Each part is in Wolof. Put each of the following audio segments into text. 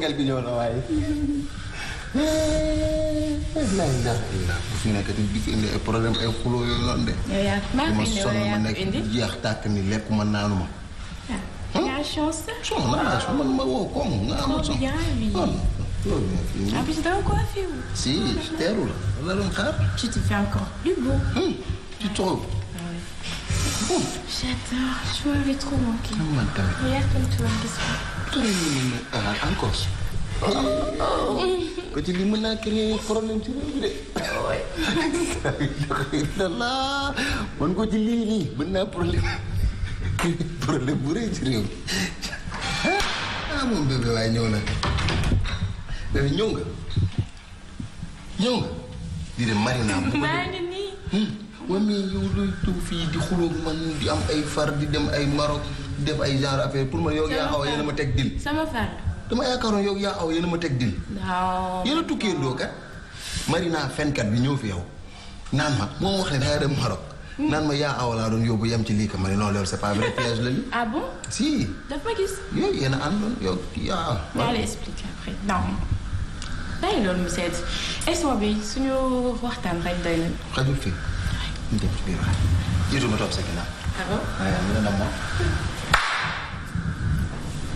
ngel bi ñëw eh, na waaye. naaj naa bu fi nekk di fi indi ay problème ay xuloo yooyu loon de. yow yaa ma sonn ma nekk jeex tàkk ni lekk ma naanu ma. ah hmm? chance la. sonn naa sonn man ma woo koom nga amul sonn. Ah, si teeru la. la doon xaar. tu te fais encore du beau. Hmm, tu ah hmm. trop. J'adore, tu m'avais trop manqué. Regarde comme tu m'as ko ci li mën naa créé problème ci ko ci problème bu rëy ci réew mi ah moom bébé ñëw na bébé ñëw nga ñëw nga. di de mari naa maa nii. waa hmm. mais yow looy tuuf fii di xulóog man di am ay far di dem ay Maroc. def ay genre affaire pour ma yow yaa xaw yéen a ma teg dil. sama far. dama yaakaaroon yow yaa xaw yéen ma teg dil. waaw tukkee ndookat. Marina fenkat bi ñëw fi yow naan ma moom wax ne da ma yaa aw laa doon yóbbu yem ci lii que ma ne non loolu c'est pas vrai piège ah bi suñu waxtaan rek doy na. xajul fii ñu dem ci biir jiitu ma topp sa ginnaaw. Ah d' accord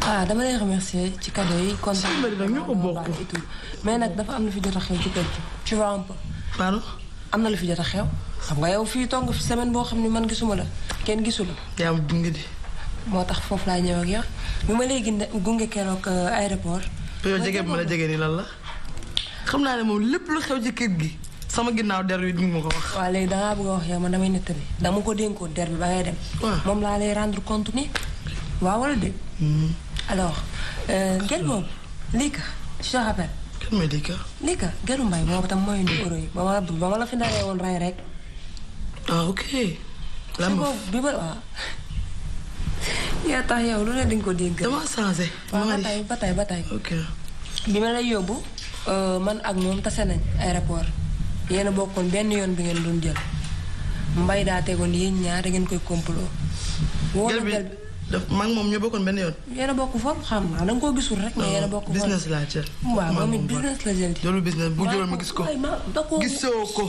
ah dama lay remercier ci cadeau yi kontaan et mais nag dafa am na fi jot a xew ci kër gi tu am na lu fi jot xew xam nga yow fii toog semaine boo xam ne man gisuma la kenn gisu la di moo tax foofu laa ñëw ak yow bi ma léegi gunge keroog euh, aéroport yow jege bi ma lan la xam naa ne moom lépp lu xew ci kër gi sama ginnaaw der wi duñ ma ko wax waaw léegi dangaa bëgg a wax yow man damay nettali dama ko dénkoon der bi ba ngay dem moom laa lay rendre compte ni waaw wala dé alors Guelmo euh, Lika je rappelle. kan mooy Lika. Lika Guelmo mbay moom tam mooy numéro yi ba ma la fi naree woon rey rek. ah ok. lan ma bi ma waaw. yaa tax yow lu ba tey ba tey ok bi ma lay yóbbu euh, man ak moom tase nañ aéroport yéen a bokkoon benn yoon bi ngeen doon jël mbay daa tegoon yéen ñaar da ngeen koy complot. wóor na daf maa ngi moom ñoo bokkoon benn yoon. yéen bokk foofu xam naa da koo gisul rek. mais yéen bokk foofu business laa jël. waaw moom it business la jël. jëlul business bu jëlul ma gis ko. gisoo ko.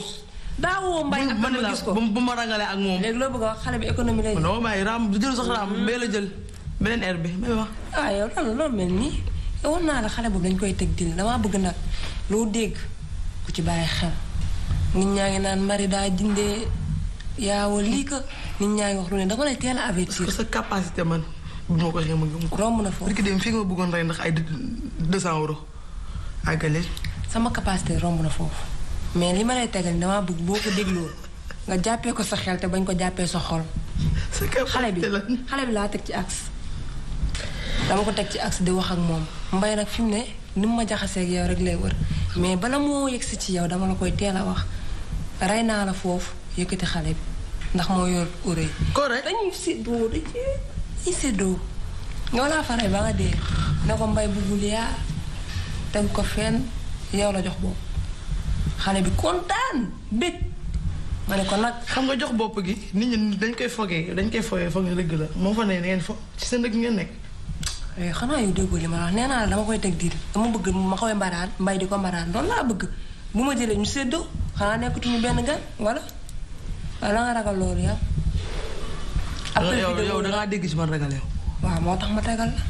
daawoo mbay ak ma gis ko bu ma rangalee ak moom. léegi loo bëgg a wax xale bi économie lay jël. non maay raam jël sax raam mm-hmm. bee la jël beneen air bi may wax. ah yow loolu loolu mel nii woon naa la xale boobu dañ koy teg dil damaa bëgg nag loo dégg ku ci bàyyi xel nit ñaa ngi naan mari daa dindee yaa lii ko nit ñaa ngi wax lu ne dama lay teel a avertir. sa capacité man bu ma ko romb na foofu dem fii nga bëggoon rey ndax ay deux cent euros àggale. sama capacité romb na foofu mais li ma lay tegal damaa bëgg boo ko dégloo nga jàppee ko sa xel te bañ ko jàppee sa xol. sa capacité la xale bi xale bi laa teg ci axe. dama ko teg ci axe di wax ak moom mbay nag fi mu ne ni mu ma jaxasee ak yow rek lay wër mais bala moo si ci yow dama la koy teel a wax rey naa la foofu. yëkkati xale bi ndax moo yor urée. correct dañuy séddoo dañuy séddoo. ñoo laa faral ba nga dee ne ko mbay buggul yaa teg ko fenn yow la jox bopp xale bi kontaan bég ma ko nag. xam nga jox bopp gi nit ñi dañ koy fogee dañ koy fogee foog ñu dëgg la moo fa ne ngeen fo ci seen dëgg ngeen nekk. Eh, xanaa yu déggoo li ma wax dama koy teg diir dama bëgg ma koy mbay di ko mbaraan loolu laa bëgg bu ma jëlee ñu séddoo xanaa nekkatuñu benn gan wala. waaw la nga ragal loolu yow. appel vidéo yow da ngaa dégg ci man ragal yow. waaw moo tax ma tegal la.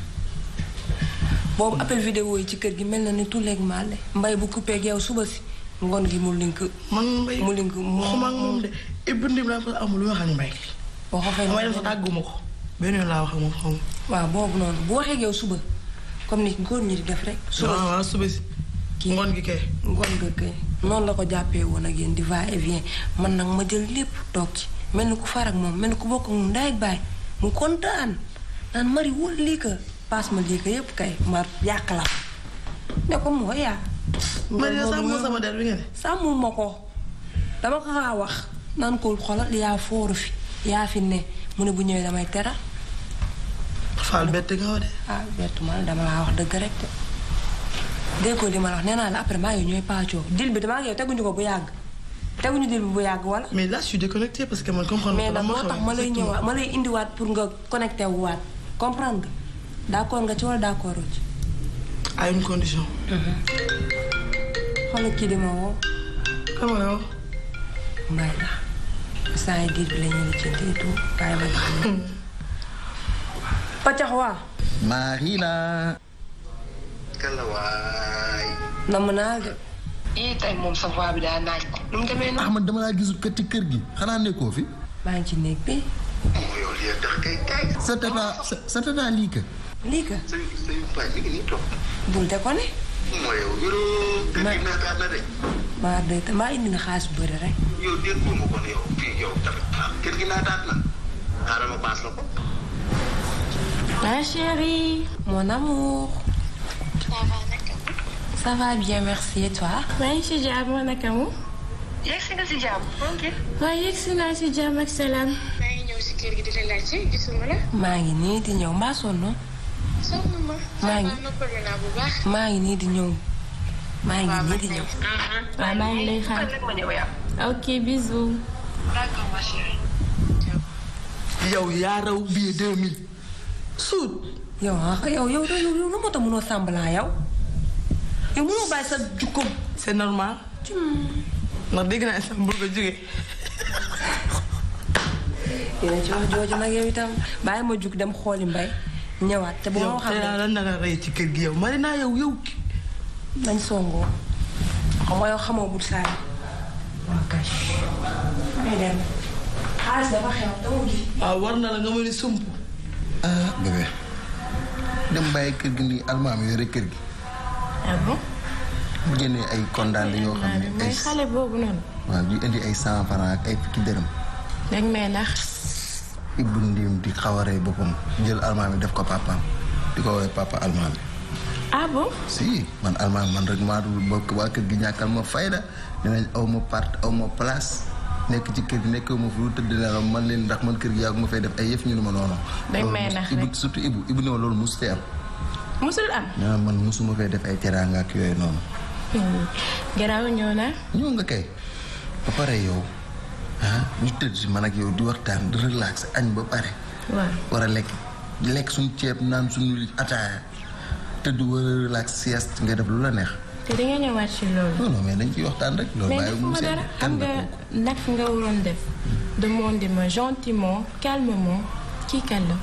boobu appel vidéo yi ci kër gi mel na ah, oh, ni tout léegi maale mbay bu coupé ak yow suba si ngoon gi mu link. man mbay mu link mu xuma ak moom de Ibou Ndim laa fa amul wax ak mbay. boo ko fay mbay dafa tàgguma ko. benn yoon laa wax ak moom xaw ma. waaw boobu noonu bu waxee ak yow suba comme ni góor ñi di def rek. suba si waaw waaw suba si. ngoon gi kay. ngoon gi kay. noonu la ko jàppee woon ak yéen di va et vient man nag ma jël lépp toog ci mel ni ku far moom mel ni ku bokk ak moom ndaay ak baay mu kontaan naan mari wul lii ko ma lii ko yëpp kay mar yàq la ko moo yaa. sama der bi nga ne. sàmmul ko dama ko xaa wax naan ko xolal yaa fooru fi yaa fi ne mu ne bu ñëwee damay teral. faal bett nga de. ah bett man dama laa wax dëgg rek déggoo li ma wax nee naa la après maa ngi ñooy pàccoo dil bi damaa ngi yow teguñu ko bu yàgg teguñu dil bi bu yàgg wala. mais là je suis déconnecté parce que man comprendre. mais nag moo tax ma lay ñëwaat ma lay waat comprendre nga d'accord nga ci wala d'accord ci. à une condition. Uh-huh. xoolal kii di ma woo. xam Paccax waa. Marie la. naka la waay. namm naa de. ii sa voix bi daa naaj dama laa gisul kër gi xanaa nekkoo fi. maa ngi ci néeg bi. mooy yow liy tax kay kay. sa tata sa tata lii ka. lii ka. sa de ko ne. maa maa maa indi na xaalis bu bëri rek. Ah, kër gi naataat na. xaaral ma paas la ko. ma chérie. mon amour. Ça va bien merci toi. maa ngi si jàmm naka mu. yegsi nga eh, maa ngi nii di ñëw mbaa sonn. ma. maa ngi bu baax. maa ngi nii di ñëw. maa ngi nii di ñëw. Ah, ah. waaw maa ngi lay xaar. ok bisous. d'accord yaa raw bii deux suut. yow hmm. ah yow yow yow yow lu moo tax mënoo sàmbalaa yow yow mënoo bàyyi sa jukkoom. c'est normal. ndax dégg naa sàmbul nga jógee. yéen ci wax jooju ma jug dem xooli te ci kër gi yow mari naa yow yow. nañ songoo xam nga yow xamoo bu saa yi. waaw war na la nga mën a sump. Ah, dem bàyyi kër gi ni almaam yore kër gi. ah mu génnee ay condamné yoo xam ne ay xale boobu noonu. waaw ñu indi ay cent ak ay fukki dërëm. dag may nax. Ibou Ndim di xawaree boppam jël almaam yi def ko papaam di ko woowee papa almaam yi. ah bon. si man almaam man rek maa dul bokk waa kër gi ñàkkal ma fayda dinañ aw ma part aw ma nekk ci kër gi nekk ma fi tëdd nelaw man leen ndax man kër gi yàgg ma fay def ay yëf ñu ne ma noonu. dañ euh, may nax rek ibu surtout ibu ibu ne ma loolu mosut am. am. waaw ah, man mosuma fay def ay teraanga ak yooyu noonu. Hmm. garaaw ñëw na. ñëw nga kay ba pare yow ah ñu tëdd man ak yow di waxtaan di relax añ ba pare. waaw war a lekk lekk suñu ceeb naan suñu ataaya tëdd war a relax sieste nga def lu la neex. te di nga ñëwaat loolu. non mais dañ ciy waxtaan rek. loolu bàyyi mu seen xam nga naka nga waroon def. Hmm. demande ma gentiment calmement kii kan la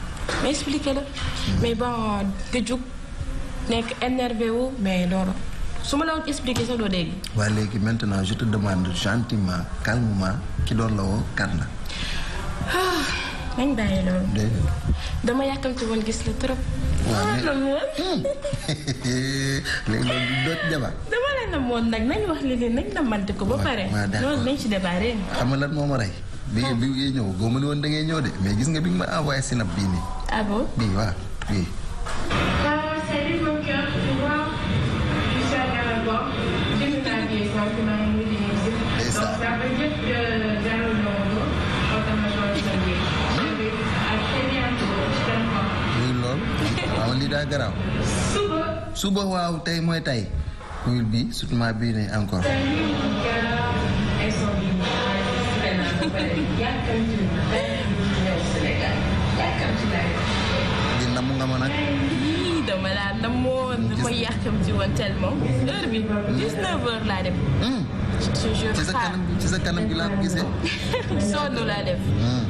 ma expliqué la. Hmm. mais bon nga jug nekk énervé wu mais loolu su ma la woon expliqué sax doo dégg. waaye léegi maintenant je te demande gentiment calmement ki doon la woo kan ah. nañ bàyyi loolu. dama yàkkamti woon gis la trop. waaw ah, mais léegi la namoon nag nañ wax li leen nañ namante ko ba pare. loolu nañ ci débarré. xam nga lan moo ma rey. bi ah. bi ngay ñëw goo ma ne woon da ngay ñëw de mais gis nga bi nga ma envoyé sinap bii nii. ah bon bii waaw suba. waaw tey mooy tey. kuil bi surtout bii ne encore. di namm nga ma nag. dama laa namoon. dama yàkkamti woon tellement. heure bi 19 hmm. heures laa def. Hmm. ci sa kanam ci sa kanam gi laa ko gisee. sonn laa def. Hmm.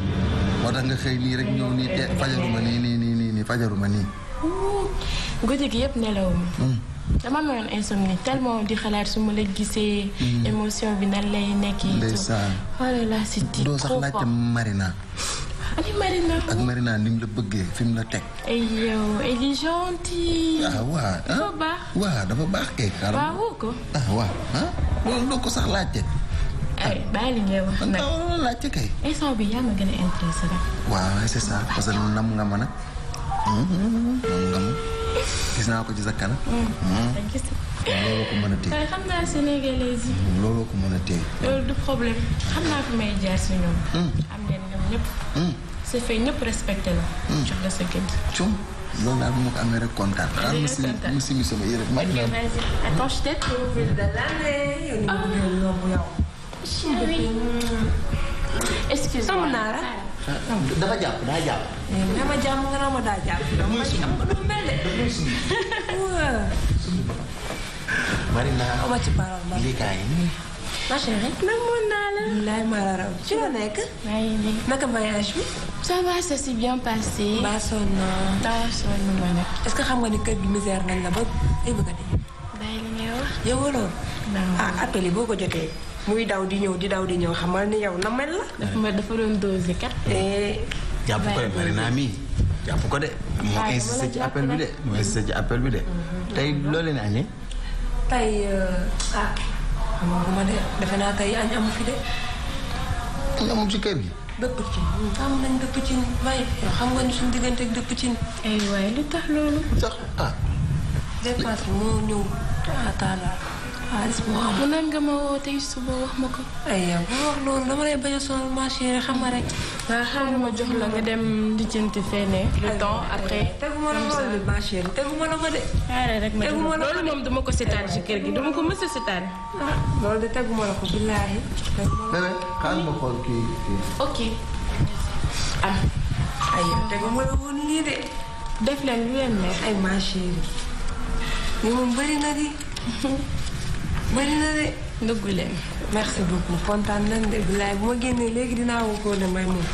moo tax nga xëy nii rek ñëw nii te fajaruma nii nii nii fajaruma nii. guddi gi yëpp nelawuma hmm. dama amoon insomnie tellement di xalaat su ma la gisee. Hmm. émotion bi na lay nekkee. ndeysaan wala laa si di doo sax laajte Marina. ak Marina ni la bëggee fi mu la teg. ay yow elle est gentille. Ah, ah. dafa baax. waaw kay. xaaral ko. ah, ah. loolu ko sax laajte. Eh, ay bàyyi li ngay wax nag. laajte kay. instant bi yaa ma gën a intéressé rek. waaw c'est ça parce que nam nga ma gis naa ko ci sa kanam. Mm. Mm. looloo ko mën a téye. mën a téye. loolu du problème xam naa fi may jaar si ñoom. Mm. am leen ñoom ñëpp. su fee ñëpp respecté la. jox la sa gëdd. cum loolu daal bu ma ko amee rek kontaan. xaaral ma si ma si mi sama yére. ma dina ah. excuse-moi. dafa jàpp daa jàpp. dama jàpp nga ma daa am nga mel de. Marina. ci parole ma lii kaay nii. ma chérie. nag mën naa la. walaay maa ci la nekk. maa ngi nekk. naka voyage bi. ça va ça bien passé. ba sonn naa. waaw ma nag. est que xam nga ni kër gi misère nañ la ba ay bëgg dee. bàyyi li ah appel yi boo ko jotee. muy daw di ñëw di daw di ñëw xamal ni yow na mel la. dafa mel dafa doon dosé kat. jàpp ko de bari naa mii jàpp ko de. moo insisté ci appel bi de moo insisté ci appel bi de. tey loo leen añee. tey euh, ah amaguma de defe naa tey añ amu fi de. añ amul ci kër gi. dëpp ci am nañ dëpp ci waaye xam nga ni suñu diggante ak dëpp ci. ay waaye lu tax loolu. sax ah. dépense moo ñëw à mënoon nga ma woo tey suba wax ma ko. ay yow wax loolu dama lay bañ a sonal xam nga rek. nga xam ma jox nga dem lijjanti feneen. le temps après. tegu la loolu de marché tegu ma la ko de. rek ma loolu moom dama ko seetaan si kër gi dama ko mës a ah, loolu de tegu la ko billaahi. tegu ma la kii ok. ah. ay yow la woon lii de. def leen lu leen neex ay marché yi. moom bëri na di. bëri na de ndëggu leen merci beaucoup kontaan nañ de bilaay bu ma génnee léegi dinaa woo koo may moom.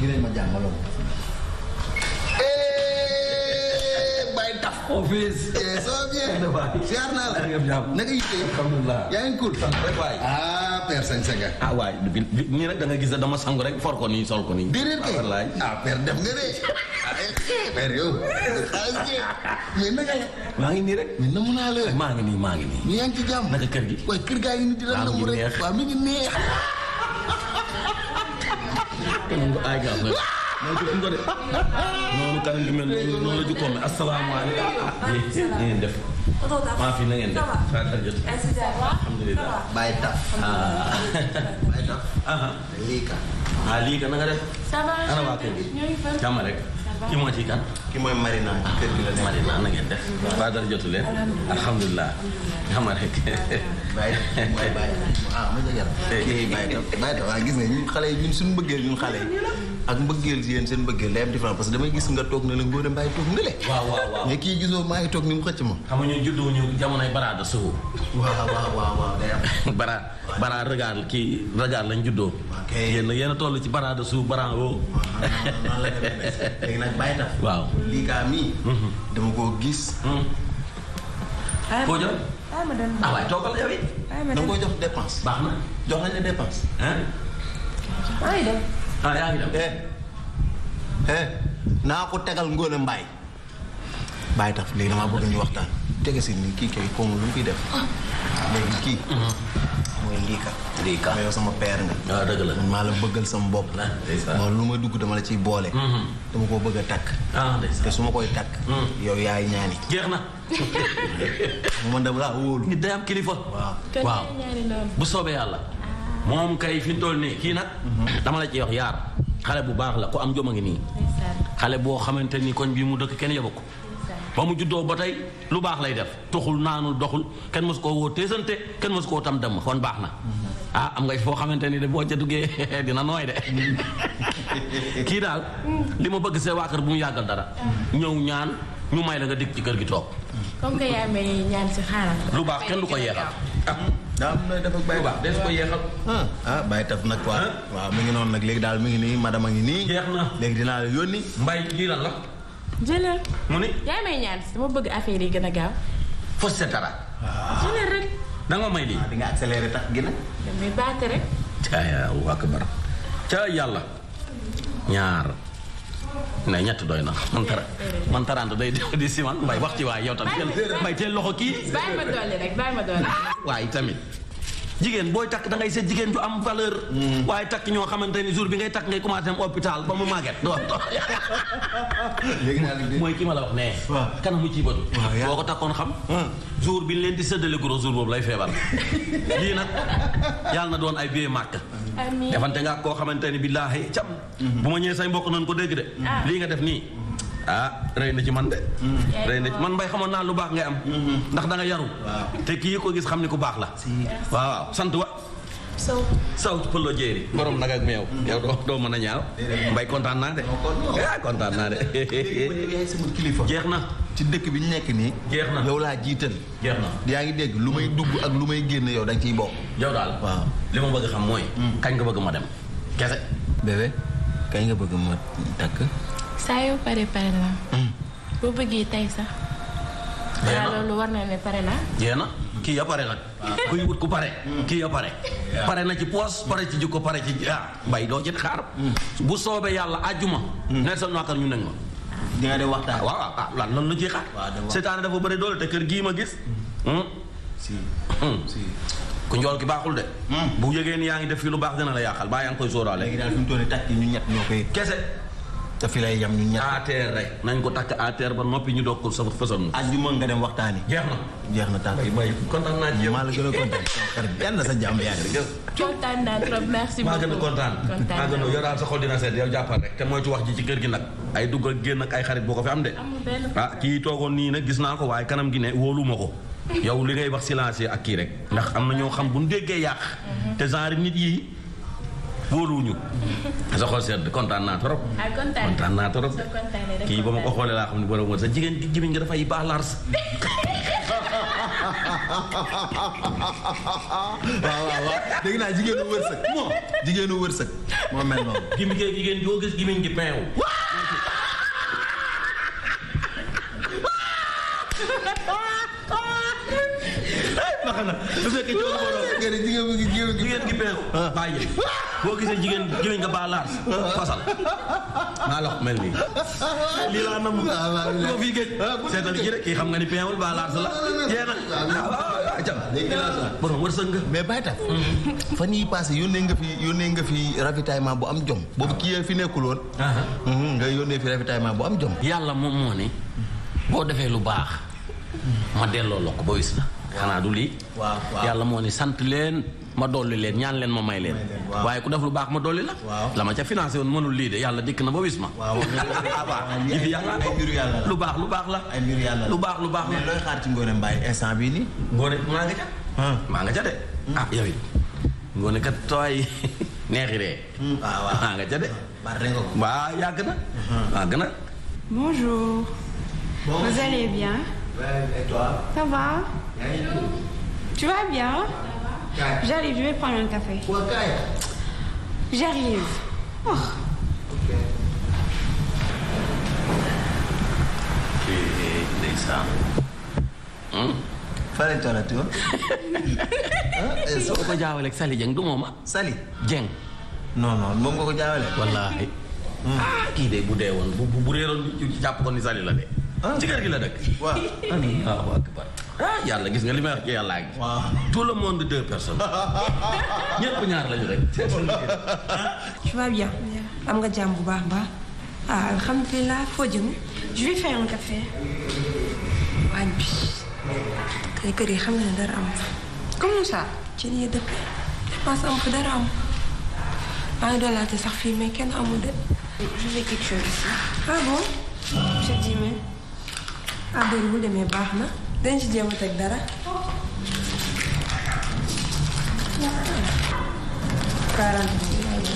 ñu leen ma jàngaloon. Eh, bàyyi taf. office. Eh, ça va bien. ziar naa la. naka yitte. alhamdulilah yaa ngi cool. ah. APR sañ-sañ nga. ah waay bi nii nag da nga gis dama sangu rek for ko nii sol ko nii. déedéet kay wallaay APR def nga de. APR yow. mais naka la. maa ngi nii rek. mais namu naa la. maa ngi nii maa ngi nii. ñu yaa ngi ci jàmm. naka kër gi. waaye kër gaa yi nii dina namu rek. waaw mi ngi neex. moom ay gaa mooy ko de. noonu kanam gi mel noonu la ju ko mais asalaamaaleykum. def. maa fi na ngeen def xaaral jot alhamdulilah bàyyi taf bàyyi taf lii lii ka na nga def ana waa kër gi jàmm rek kii moo ci kan ki mooy Marina ci kër gi la nekk Marina na ngeen def. waaw dara jotu leen. alhamdulilah xam nga rek. bàyyi mooy bàyyi ah waa ah, gis nga ñun xale yi ñun suñu bëggee ñun xale yi ak mbëggeel si yéen seen mbëggeel day am parce que damay gis nga toog na la Ngoné toog na le. waaw waaw waaw mais kii gisoo maa ngi toog ni mu xëcc ma. xam nga ñun juddu ñu jamonoy baraada suuf. waaw waaw waaw day am. bara kii regarde lañ juddoo. ok yéen a yéen a toll ci baraada suuf bara woo. waaw waaw waaw lii gaa mm-hmm. dama koo gis. koo mm-hmm. jox. ah waaye toogal yow it. da jox dépense. baax na jox nañ la dépense. maa ah yaa ngi dem. eh, eh naa ko tegal ngóone mbaay. bàyyi taf léegi damaa bëgg ñu waxtaan tege si ni kii kay xaw ma lu mu fiy def léegi kii mooy ndiika ndiika yow sama père nga waaw ah, dëgg la maa la bëggal sama bopp ah, lu ma dugg dama la ciy boole mm-hmm. dama koo bëgg a takk ah, te su ma koy takk mm. yow yaay ñaani jeex na man dama laa wóolu nit day am kilifa waaw waaw moom kay fi nii kii nag mm-hmm. dama la ciy wax yaar xale bu baax la ku am jom a ngi nii xale boo xamante ni koñ bi mu dëkk kenn yóbbu ko ba mu juddoo ba tey lu baax lay def tuxul naanul doxul kenn mosu koo woo téesante kenn mosu koo tam dem kon baax na ah am ngay foo xamante ni de boo ca duggee dina nooy de kii daal li ma bëgg see waa kër bu mu yàggal dara ñëw ñaan ñu may la nga dikk ci kër gi toog comme lu baax kenn lu ko yeexal daa am dafa bàyyi baax ko yeexal ah, ah bàyyi taf nag waa ah. waaw mu ngi noonu nag léegi daal mi ngi nii madama ngi nii jeex na léegi dinaa la yónni mbay lii lan la jëlal mu ne. yaa may ñaan si bëgg affaire yi gën a gaaw. fos sa dara. Ah. jëlal rek. da may lii. Ah, tax gi nag. damay baate rek. akbar caa yàlla. ñaar. ne ñett doy na man tara man tarante day di si man mbay wax ci waay teel loxo kii. bàyyi ma dolli rek bàyyi ma dolli. waay tamit. jigéen booy takk da ngay seet jigéen ju am valeur. Mm. waaye takk ñoo xamante ni jour bi ngay takk ngay commencé am hôpital ba mu màgget. mooy ki ma la wax ne. waaw kanamu ci bët. boo ko takkoon xam. jour bi leen di séddale gros jour boobu lay feebar. lii nag yàlla na doon ay bee màkk. amiin defante nga koo xamante ni billaahi cam. Mm-hmm. bu ma ñëwee say mbokk nañ ko dégg de. Ah. lii nga def nii. ah rëy na ci man de. Mm. rëy na ci man mbay xamoon naa lu baax ngay am. Mm-hmm. ndax da nga yaru. te kii ko gis xam ni ku baax la. waaw sant wa. saw saw pëllo jéeri borom nag ak meew. Mm-hmm. yow doo mën a ñaaw. mbay kontaan naa de. Ah, kontaan naa kilifa jeex na. ci dëkk bi ñu nekk nii. jeex na yow laa jiital. jeex yaa ngi dégg lu may dugg ak lu may génn yow da ciy bokk. yow daal waaw li ma bëgg xam mooy. Mm. kañ nga bëgg ma dem kese. bébé kañ nga bëgg ma takk. saa yoo pare pare la hmm. boo bëggee tey sax. waaw loolu war na ne pare la. yéen na kii ya pare nag. kuy wut ku pare. Hmm. kii ya pare. pare na ci poos pare ci jikko pare ci ah mbay doo ci xaar. Hmm. bu soobee yàlla àjjuma. nawet sa noakar ñu nekk ma. di nga dem waxtaan waaw ah lan lan la ciy xaar. seetaane dafa bëri doole te kër gii ma gis. si si. ku njool ki baaxul de. bu yëgee ni yaa ngi def fii lu baax dina la yàqal baa yaa ngi koy sóoraale. léegi daal fi mu toll nii tàcc ñu ñett kese. te fi lay yam ñu ñaar ATR rek nañ ko takk ATR ba noppi ñu doog sa façon. àjjuma nga na jeex na tànk yi mooy kontaan naa ci yow. la gën a kontaan xarit yal na sa jàmm yaa ngi kontaan naa trop a kontaan. mooy ci wax ji ci kër gi nag. ay dugg ak génn ak ay boo ko fi am de. ah kii toogoon nii nag gis naa ko waaye kanam gi ne wóolu ko. yow li ngay wax silencieux ak kii rek. ndax am na ñoo xam bu ñu déggee yàq. Mhm. te genre nit yi wóoluwuñu sa xol sedd kontaan naa trop. Ah, kontaan naa trop kii ba ma ko xoolee laa xam ne borom woon sa jigéen jimiñ nga dafay baax laars. waaw waaw waaw dégg wërsëg moo mel noonu. gimi kee jigéen joo gi peew. ma xam gi peew ah. boo gisee jigéen jigéen nga baa laar sa maa lox mel nii lii laa nam ko fii géej ah, seetal ji rek kii xam nga ni peewul baa laar la ah, ah, jee na borom wërsëg mais bàyyi taf hmm. fan yii passé yónnee nga fi yónnee nga fi ravitaillement bu am jom boobu kii yee fi nekkul woon hmm, nga yónnee fi ravitaillement bu am jom yàlla moom moo ne boo defee lu baax ma delloo la ba wis la xanaa du lii yàlla moo ne sant leen ma dolli leen ñaan leen ma may leen. waaye ku def lu baax ma dolli la. la ma ca financé woon mënul lii de yàlla dikk na ba wis ma. waaw ah, lu baax lu baax la. ay mbiru yàlla lu baax lu baax la. mais looy xaar ci Ngoné bii nii. Ngoné maa nga ca. Ah. maa nga ca de. Hmm. ah yow it Ngoné kat tooy neexi hmm. ah, maa nga ca de. waaw yàgg na. Hmm. yàgg na. J'arrive, je vais prendre un café. J'arrive. Oh. Okay. fale tola tuwa Sali Dieng du moom Sali Dieng non non moom ko jaawale wallaahi hmm. kii de bu dee bu bu réeroon jàpp ko ni Sali la de ci gi la dëkk waaw waaw waaw ah yàlla gis nga li may wax ci yàllaa ngi. waaw tout le monde deux personnes. ñëpp ñaar lañu rek. tu vas bien. am nga jàmm bu baax baax. ah alhamdulilah foo jëm. je vais faire un café. waañ bi. kay kër yi xam nga ne dara am fa. comment ça. ci nii sax fii mais kenn amul de. je fais ah ah, demee baax na. denc jéem a teg dara. quarante mille.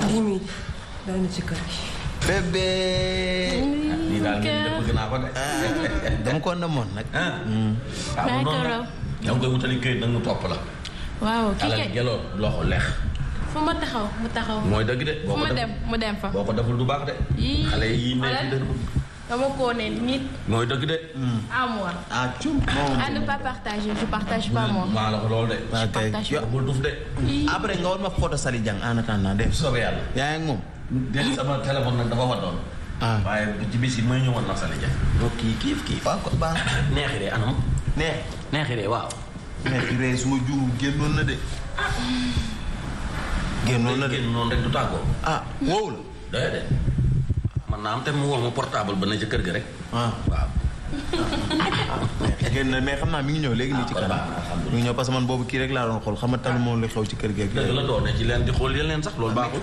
dix mille daw na ci kër gi. bébé. lii daal naa ko de. dama ko namoon nag. maa ngi ko raw. yaa ngi koy wutali këyit nag mu topp la. waaw kii kay alal jëloon leex. fu ma taxaw mu taxaw. mooy dëgg de boo ko deful du baax de. xale yi nekk dëgg. dama koo ne nit. Hmm. nga war ma photo Sali dafa waddoon. ah yi kiif kiif. neexi de anam. neexi de waaw. neexi de su ma juum génnoon na de. Ah. génnoon na de noonu rek du tàggoo. ah woowu la. man naa am te mu wax ma portable ba ne ca kër gi rek. Ah. waaw waaw. Ah, génn na mais xam naa mi ngi ñëw léegi nii ci ah, kanam. mi ngi ñëw parce que man boobu kii rek laa doon xool xam nga tal moo la xew ci kër gi ak. la doo ne ci leen di xool yeneen sax loolu baaxul.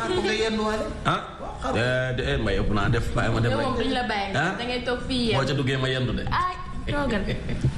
ah. Eh, de eh, may ëpp naa def bàyyi ma def rek. moom duñ la bàyyi. da fii yéen boo ca duggee ma yendu de. ay toogal.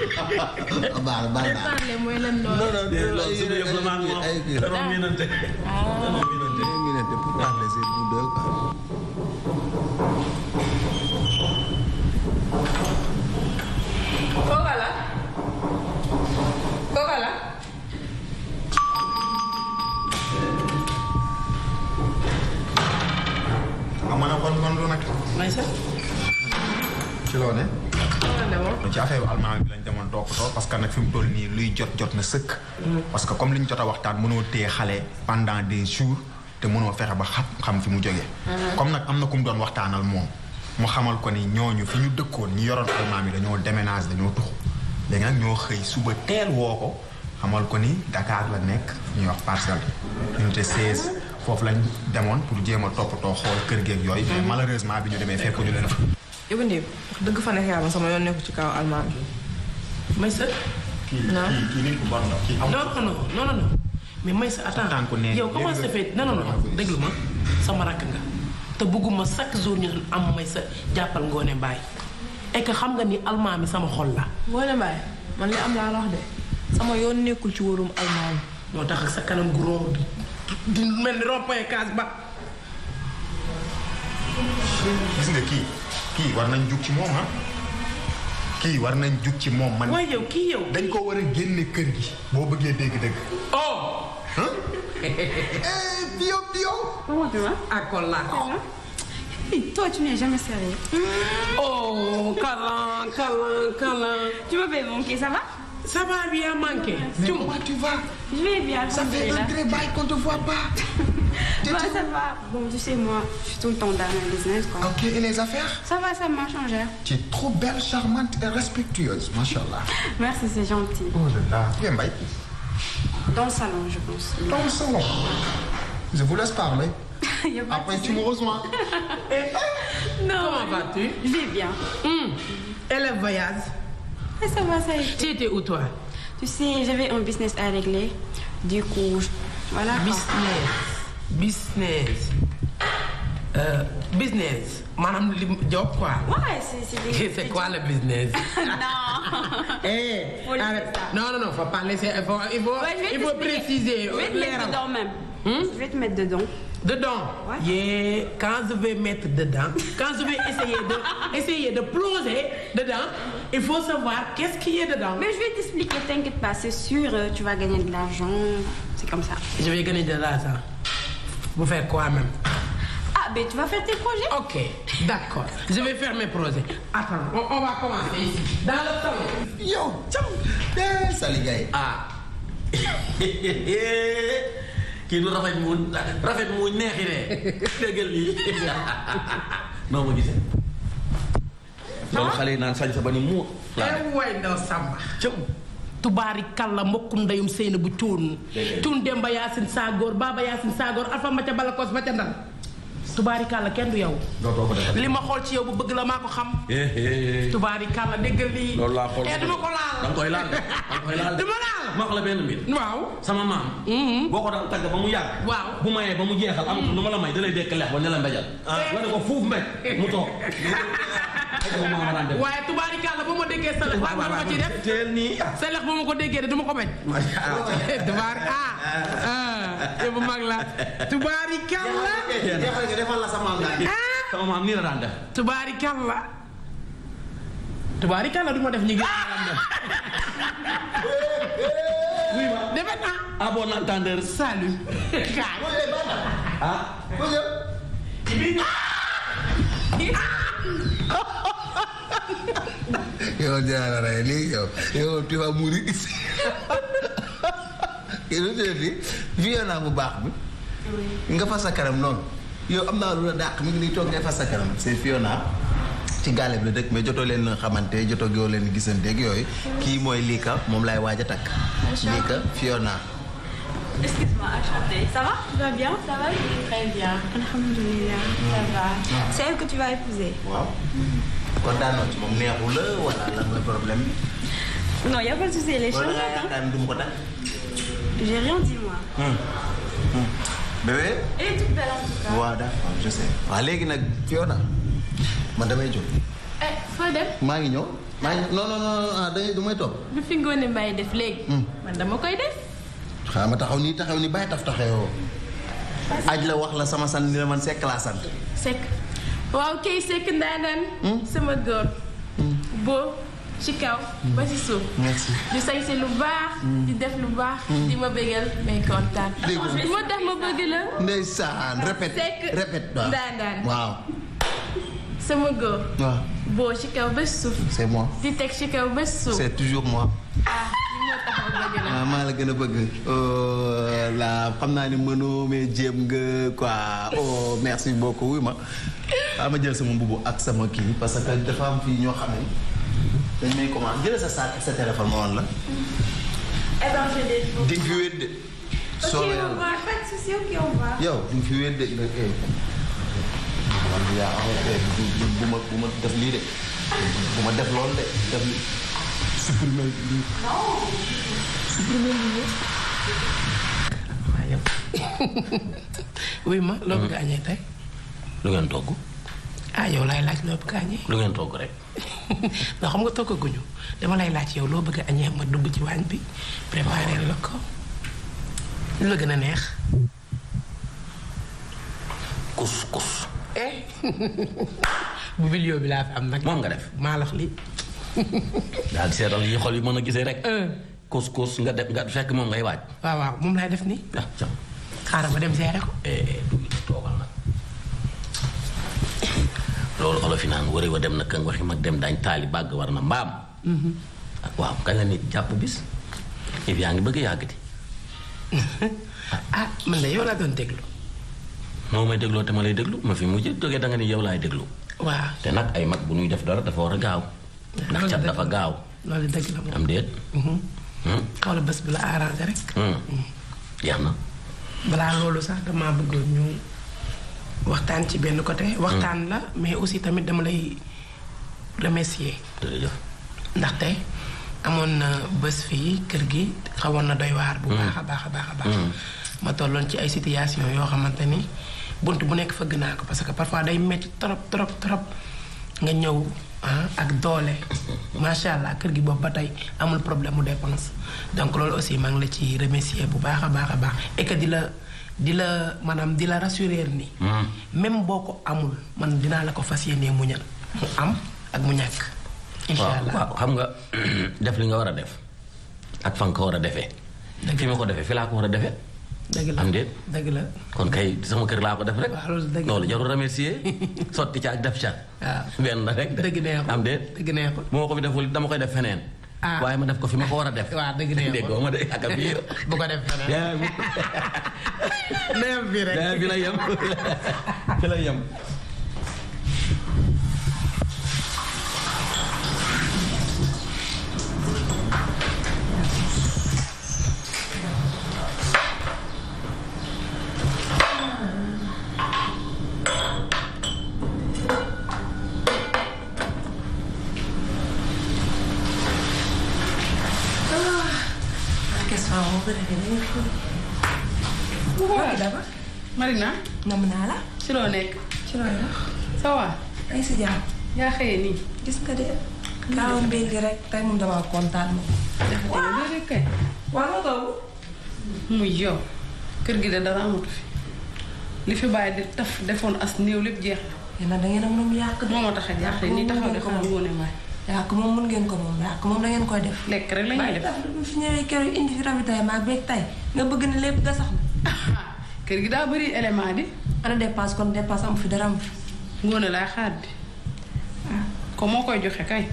baal baal baal mooy lan loolu. non non loolu suñu yëf la maanaam moom dafa miinante. dafa miinante dafa miinante pour parler c'est pour deux quoi. kooka la kooka la. ah maanaam kon kon du nag. ci loo ne. lool. ci affaire almaami bi lañ demoon toppatoo parce que nag fi mu toll nii luy jot jot na mm. parce que comme li ñu jot a xale pendant des jours te mënoo fexe ba xam xam fi mu jógee. Mm. comme nag am na ku mu doon waxtaanal moom mu xamal ko ni ñooñu fi ñu dëkkoon ñi yoroon almaami dañoo déménage dañoo tuxu léegi nag ñoo xëy suba teel woo ko xamal ko ni dakaar la nekk ñuy wax parcelle unité 16. foofu lañ demoon pour jéem a toppatoo xool kër geeg yooyu mais mm. malheureusement bi ñu demee fekk ñu leen fa Ibu Ndiaye wax dëgg fa nekk yàlla sama yoon nekku ci kaw almaam bi may sa. kii kii nit ku baax la kii amul non non non non mais may sa attends yow comment ça fait non non non déglu ma sama rakk nga te bëgguma chaque jour ñu am may sa jàppal ngoone mbaay et que xam nga ni almaam mi sama xol la. ngoone mbaay man li am laa la wax de sama yoon nekkul ci wóorum almaam moo tax ak sa kanam gu romb di mel ni rond-point case ba. gis nga kii. kii war nañ jug ci moom ah. kii war nañ jug ci moom man. waaye yow kii yow. dañ koo war a génne kër gi. boo bëggee dégg-dëgg. oh. ah. bio bio. comment ah, Toi, tu n'es jamais sérieux. Oh, câlin, câlin, câlin. Tu m'as fait manquer, ça va? ça va bien manqué. tu tu vas. je vais bien ça fait un très bail qu'on te voit pas. bon, ça va. Bon, tu sais, moi, je suis tout le temps dans le business, quoi. Ok, et les affaires Ça va, ça marche, en gère. Tu es trop belle, charmante et respectueuse, machallah. Merci, c'est gentil. Oh là là, viens, bye. Dans le salon, je pense. Dans le salon Je vous laisse parler. Après, tu me rejoins. non. Eh, eh. Comment vas-tu Je vais bien. Mmh. Et le voyage Ah, ça va, ça a été. Tu étais où toi Tu sais, j'avais un business à régler. Du coup, voilà. Business. Business. Euh, business. Madame job quoi. Ouais, c'est C'est quoi le business Non. hey, faut eh, arrête. Non, non, non, faut pas laisser. Faut, il faut, ouais, il faut préciser. Je vais te laisser même. Hum? Je vais te mettre dedans. Dedans Quand je vais mettre dedans, quand je vais essayer de, essayer de dedans, il faut savoir qu'est-ce qu'il y dedans. Mais je vais t'expliquer, t'inquiète pas, c'est sûr, euh, tu vas gagner de l'argent, c'est comme ça. Je vais gagner de l'argent. Vous faire quoi même Ah, ben tu vas faire tes projets. Attends, on, va commencer ici, dans le temps. Yo, ciao, eh, salut gars. Ah. kii du rafet mu rafet mu neexi ree déggal lii noo ma gisee loolu xale yi naan sañ ba ni muur waay ndaw sàmba cëw tubaari kàlla mbokkum ndeyum sëyna bu cuun cuun demba yaasin saagoor baaba yaasin saagoor alfa ma ca balakos ma ca ndal tubaarikàlla kenn du yow. li ma xool ci yaw bu bëgg la maa ko xam. Eh, eh, eh, tubaarikàlla déggal lii. loolu laa xool duma ko laal. da koy laal de da nga koy laal de. du ma laal. ma wax la benn mbir. sama maam. Mm-hmm. boo ko daan tagg ba mu yàgg. waaw bu mayee ba mu jeexal amatul mm-hmm. lu ma la may dalay dekk leex ba ne la mbéjal. Ah, nga ne ko fuuf mbéj mu toog. waaye tubaarikàlla bu ma déggee sa lex. waaw waaw waaw teel nii. sa lex bu ma ko déggee du ma ko bañ. yow bu mag laa tubaarikàlla defal la sa maam sama maam nii la daan def tubaarikàlla du ma def ñu gën a defe naa à bon entendeur yow jaara rey lii yow yow tu vas mourir bi vieux bu baax bi nga fas sa kanam noonu yow am naa lu la dàq mi ngi nii toog ngay fas sa kanam c'est Fiona ci gaale bi la dëkk mais jotoo leen xamante jotoo goo leen gisanteeg yooyu kii mooy liika moom laay waaj a takk Lika Fiona Excuse-moi, enchantée. Ça va Tu Waaw. kontaanoo ci moom neexu la wala lan mooy problème bi. non y a pas de souci les choses. J'ai rien dit, moi. Hum. Hum. bébé. et toute belle en tout cas. waaw d'accord je sais. waaw léegi nag Fiona man damay jóg. eh foo dem. maa ngi ñëw. maa ngi non non non ah dañuy du may toog. lu fi ngoone Mbaye def léegi. Hmm. man dama koy def. xanaa ma taxaw nii taxaw nii bàyyi taf taxawoo. aj la wax la sama sant ni la man sekk laa sant. sekk waaw kay sekk ndaanaan. Hmm? sama góor. Hmm. boo. ci kaw ba ci suuf. merci di sañse lu baax. Mm. di def lu baax. Mm. di ma bëggal may kontaan. moo tax ma bëgg la. ci kaw ba ci teg ci kaw ba ci suuf. c'est ah, ma ah, la. gën a bëgg. Oh la xam naa ni mënoo mais jéem nga quoi oh merci beaucoup oui ma. Ah, ma jël sama mbubu ak sama kii parce que dafa am fii ñoo xam dañ may commande jëlee sa saak ak sa téléphone ma woon la. Eh di nga fi de. soo la yàlla yow fi wéet de nag eh. man yaa am bu ma bu ma def lii de bu ma def loolu de def lii supprimer lii. supprimer lii waaw yow. ma loo bëgg mm-hmm. añee tey. lu ngeen togg. ah yow laay laaj loo bëgg a añee. lu ngeen togg rek. ndax xam nga toggaguñu dama lay laaj yow loo bëgg a añee ma dugg ci waañ bi préparé la ko lu la gën a neex kus kus bu eh? vidéo bi laa fi am nag moom nga def maalax li daal seetal yi xol yi mën a gisee rek eh. kus kus nga def nga fekk moom ngay waaj waaw waaw moom laay def nii ah, xaaral ma dem seere ko eh, loolu olof yi naan wari wa dem na kën waxi mag dem daañ taali bàgg war na mbaam mm-hmm. ak waaw kañ la nit jàpp bis yaa ngi bëgg yàgg di ah, man la yow laa doon déglu moo may dégloo te ma lay déglu ma fi mu jógee da nga ni yow laay déglu waaw te nag ay mag bu ñuy def dara dafa war a gaaw ndax cat dafa gaaw loolu dëgg la moom am déet mm-hmm. hmm? xaw la bés bu la arrangé rek hmm. mm-hmm. jeex na balaa loolu sax damaa bëggoon ñu waxtaan ci benn côté. Mm. waxtaan la mais aussi tamit dama lay remercier. ndaxte amoon na bës fii kër gi xawoon na doy waar. bu mm. baax a baax a baax a baax. Mm. ma tolloon ci ay situation yoo xamante ni bunt bu nekk fëgg naa ko parce que parfois day metti trop trop trop nga ñëw ah, ak doole. macha allah kër gi boobu ba tey amul problème mu dépense donc loolu aussi maa ngi la ci remesier bu baax a baax a baax et di la. di la maanaam di la rassurer ni hmm. même boo ko amul man dinaa la ko fas yéenee muñal mu am ak mu ñàkk incha allah waaw xam nga def li nga war a def ak fan ko war a defee fi ma ko defee fi laa ko war a defee dëgg la am déet la kon kay sama kër laa ko def rek loolu jarul remercier sotti ca ak def ca benn rek am déet dëgg neexul moo ko fi deful dama koy def feneen Ah. waaye ma def ko fi ma ko war a def. waaw dëgg la dégg ma de ak biir. bu ko def feneen. na yem fii rek na yem fii la yem. fi la yem. waaw ba defee dañuy xool. Marina. moom naa la. ci loo nekk. ci loo nekk. ça ay si jàmm. yaa xëyee nii. gis nga de. kaawam mbay gi rek tey moom damaa kontaan moom. waaw yow. kër gi de dara amatu fi. li fi bàyyi di taf defoon as néew lépp jeex na. yéen a da ngeen a mën a yàq. moo ma tax a jaaxle nii taxaw ne ko mu ngoone maay. ko moom mun ngeen ko moom raak moom da ngeen koy def. nekk rek la ñuy def fi ñëwee keroog indi fi ravitaillement beeg tay nga bëgg na lépp ga sax na. kër gi daa bëri élément di. ana dépense kon dépense am fi dara am laa xaar di. Ah. ko moo koy joxe kay.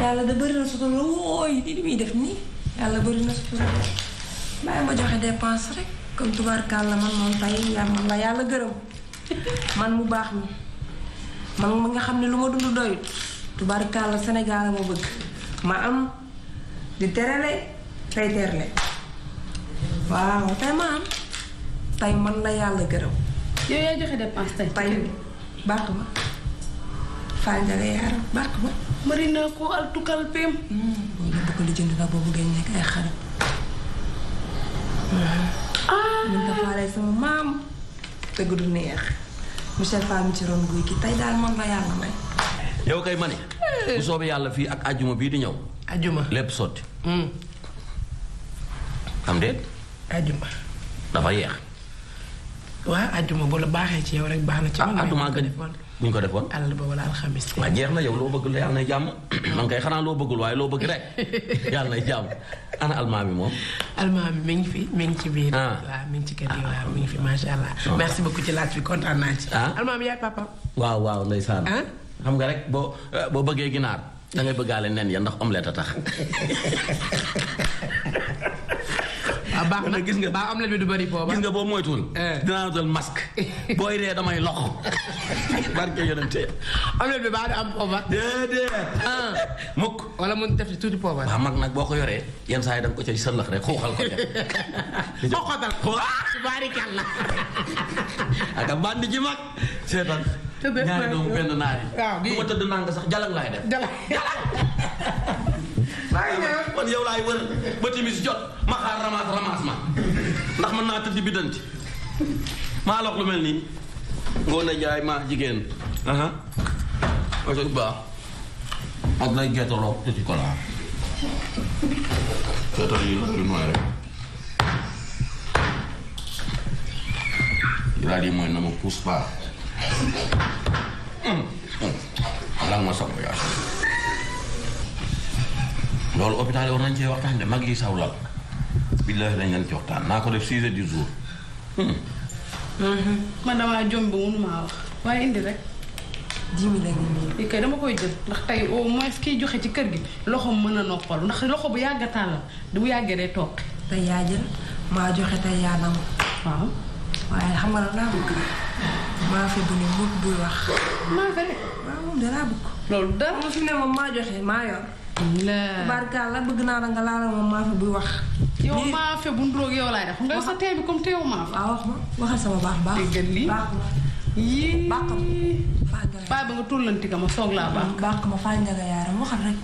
yàlla da bëri na sutura wooy di muy def nii yàlla bëri na sutura bàyyi ma joxe dépense rek comme tubaarkàlla man moom tay yaa yàlla gërëm man mu baax mi man mi nga xam ne lu ma dund doyut. tubarkalla Sénégal ma bëgg ma am di terale tey terale waaw tey ma am tey man la yàlla gërëm. yow yaa joxe dépense tey. tey baax ma Fane Ndiaye yaaram baax ma. marina ko altukal peem. boobu ngay nekk ay xarit. mun ah. tafaale sama maam. dëgg du neex. Michel Fall mi ci ron guy gi tey daal man la yàlla may. yow kay ma ne. Eh. bu soobee yàlla fii ak ajjuma bii di ñëw. ajjuma lépp sotti. Hmm. am déet. ajjuma. dafa yeex. waaw ajjuma bu baaxee ci yow rek baax na ci. ah ajjuma gën bu ñu ko defoon. àll ba wala alxamis. jeex na yow bëgg la yàlla nay jàmm. man koy xanaa loo bëggul waaye loo bëgg rek yàlla nay jàmm. ana almaami moom. almaami mi ngi fi mi ngi ci biir. Ah. waaw mi ngi ci kër gi ah. fi macha allah. Ah. merci beaucoup ci laaj bi kontaan naa ci. almaami yaay papa. waaw waaw ndeysaan. xam nga rek boo boo bëggee ginaar da ngay bëggaale nen ya ndax omelette a tax baax na gis nga baax am na bi du bari booba nga boo moytuwul. Eh. dinaa dal masque booy ree damay lox barke yonente am na bi baax ah. mukk wala mu def ci tuuti poobar. waaw mag nag boo ko yoree yenn saa yi da ko ca sëllax rek xuuxal ko ko ah. a bandi ji mag seetal. tëdd benn ñaari doomu benn naari. waaw ma tëdd naa nga sax jalang laay def. jalang maa ngi wër kon yow laay wër jot ma xaar ramaas ramaas ma ndax mën naa tëdd biddanti maa lox lu mel nii ngoon jaay maa jigéen aha parce que baax ak lay geetaloog te ci kolaa geetal yi lu nooy rek laa mooy na ma puus baax mm. mm. lan ma sama yaay loolu hôpital yi war nañ cee waxtaan de mag yi saw lal billaahi lañ leen ci waxtaan naa ko def six heures du jour. Hmm. Mm-hmm. man damaa jom ba wax waaye indi rek. dix mille ak kay dama koy jël ndax tey au moins kiy joxe ci kër gi loxoom mën a noppal ndax loxo bu yàgg tàllal du bu yàggee day toog. tey yaa jël maa joxe tey yaa nangu. waaw. waaye xam a lan laa maa fi bu ne mut buy wax. maa fi de. moom de laa loolu dara. mu fi ne moom maa joxe maa yor. barkalla bëgg naa la nga laalal ma maafe buy wax. yow maafe bu nduróog yow laay def. nga sa tee bi comme teewu maafe. waaw ah, wax ma waxal sama baax baax. dégg lii baax ma yii baax ma. ba nga tullanti ka ma soog laa baax. Mm, baax ma faal njaga yaaram waxal rek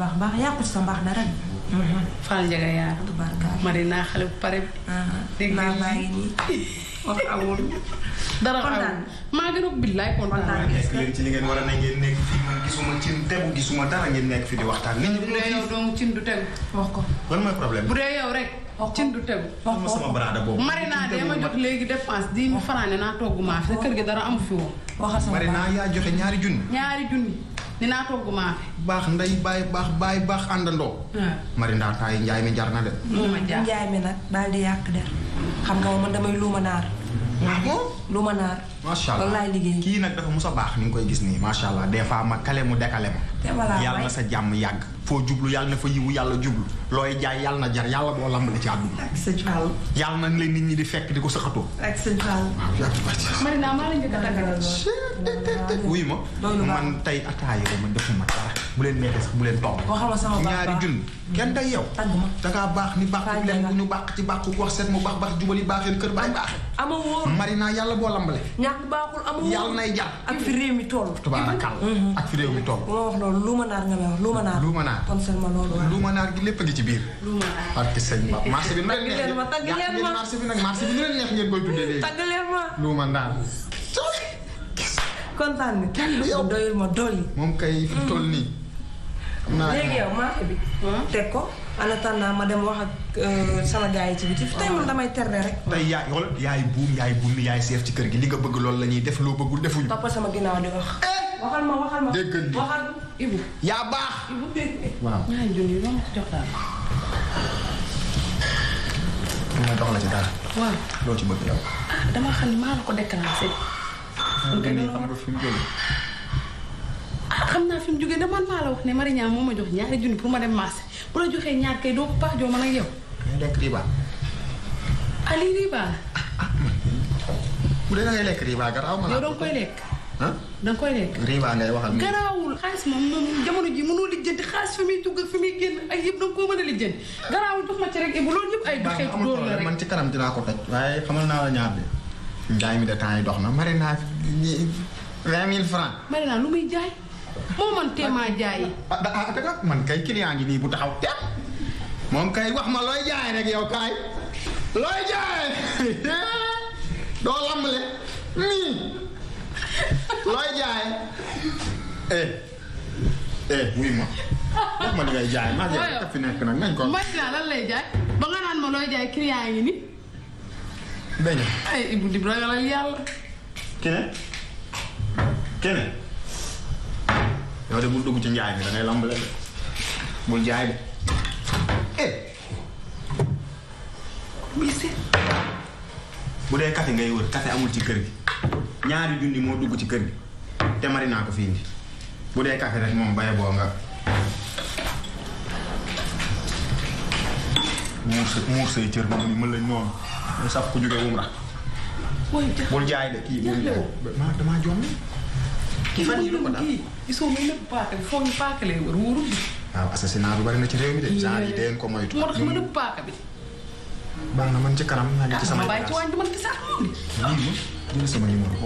baax baax yàqu sa mbaax dara. Mm-hmm. faal njaga yaaram. ma de naa xale bu pare. Ah, dégg naa baa wax awul. dara awul maa ngi rëbb billaay kontaan. nekk leen ci li ngeen war a ne ngeen nekk fii man gisuma cin tegu gisuma dara ngeen nekk fi di waxtaan. nit ñi bu dee yow dong cin du tegu wax ko. lan mooy problème bu dee yow rek. cin du tegu wax ko sama barada boobu. marinade ma jot léegi def dix mille francs ne naa togg maa sa kër gi dara am fi woon. waxal sama yaa joxe ñaari junni. ñaari junni. dinaa togg maafe. baax nday bàyyi baax bàyyi baax àndandoo. Ah. mari ndaa taay njaay mi jar na de. njaay mi nag daal di yàq der xam nga man damay luuma naar. lu ma naar. macha allah kii nag dafa mu sa baax ni nga koy gis nii macha allah des fois ma kale mu dekale ma. te na sa jàmm yàgg. foo jublu yàlla na fa yiwu yàlla jublu looy jaay yàlla na jar yàlla boo lambale ci àdduna. ak sëñ yàlla na leen nit ñi di fekk di ko saxatoo. ak sëñ Marina maa la njëkk a tàggal. wuy ma man tey ataaya ma defuma dara. bu leen neexee sax bu leen topp. ñaari junn kenn day yow. tàgg ma dangaa baax ni baax. tàgg leen ku ñu baax ci baax ku wax seet mu baax baax jubali baaxee kër baay baaxee. ama wóor marina yàlla boo lambale. ñàkk baaxul ama wóor yàlla nay jàpp. ak fi réew mi toll. tubaarakàll mhm. ak fi réew mi toll. loo wax loolu luuma naar nga may wax luuma naar. luuma naar kon seen ma loolu. luuma naar gi lépp a ngi ci biir. luuma naar parce que sëñ ma marché bi. tàgg leen ma tàgg leen ma marché bi nag marché bi nu leen neex ngeen koy tuddee léegi. tàgg leen ma luuma naar. kontaan na. doyul ma dolli. moom kay toll nii. léegi yow maafe bi. teg ko en attendant ma dem wax ak euh, sama gars yi ci biti. tey man damay terne rek. tey yaay xool yaay buum yaay buum yaay seef ci kër gi li nga bëgg loolu lañuy ñuy def loo bëggul defuñu. toppal sama ginnaaw di wax. Eh! waxal ma waxal ma déggal li yaa baax. ma ci jox daal. ma dox la ci dara. waaw loo ci bëgg yow. Ah, maa la ko déclenché. am na xam naa fi mu jógee de man maa la wax ne Mariña moo ma jox ñaari junni pour ma dem marché bu la joxee ñaar kay doo ko paax joo man ak yow. nga lekk riba. da ngay lekk riba ma la. koy lekk. ah da koy lekk. riba ngay waxal. garaawul xaalis moom ji mënoo lijjanti xaalis fi muy dugg ak muy génn ak yëpp da a lijjanti garaawul jox ma ci rek bu man ci kanam ko toj. waaye xamal naa la ñaar bi. njaay mi de temps yi dox na mari vingt mille francs. mari lu muy jaay. moo man téemaa jaay. ah, ah, ah man kay client ngi nii bu taxaw te moom kay wax ma looy jaay rek yow looy jaay doo lambale looy jaay eh eh wuy ma wax ma li jaay maa jaay ka fi nag nañ ko. Matia lan lay jaay ba nga ma looy jaay client ngi nii. beñe ay Ibou Dib ragalal yàlla. kene kene. yow de bul dugg ci njaay mi da ngay lambale de bul jaay eh. de bu dee café ngay wër café amul ci kër gi ñaari junni moo dugg ci kër gi te mari naa ko fi indi bu dee café rek moom baye boo nga muur sa muur say cër moom ni mën lañ noonu mu saf ku jóge wumra bul jaay de kii bul damaa jommi kii fan yi lu gisoo muy lépp paaka bi foog ñu paaka lay wër wóorul waaw ah, assassinat bi bari na ci réew mi de. genre yi deen ko moytu. moo tax ma nëbb paaka bi. baax na man ci kanam maa ngi ci sama. ah ma bàyyi ci wàññi man ci sa. lii ma jël sama numéro.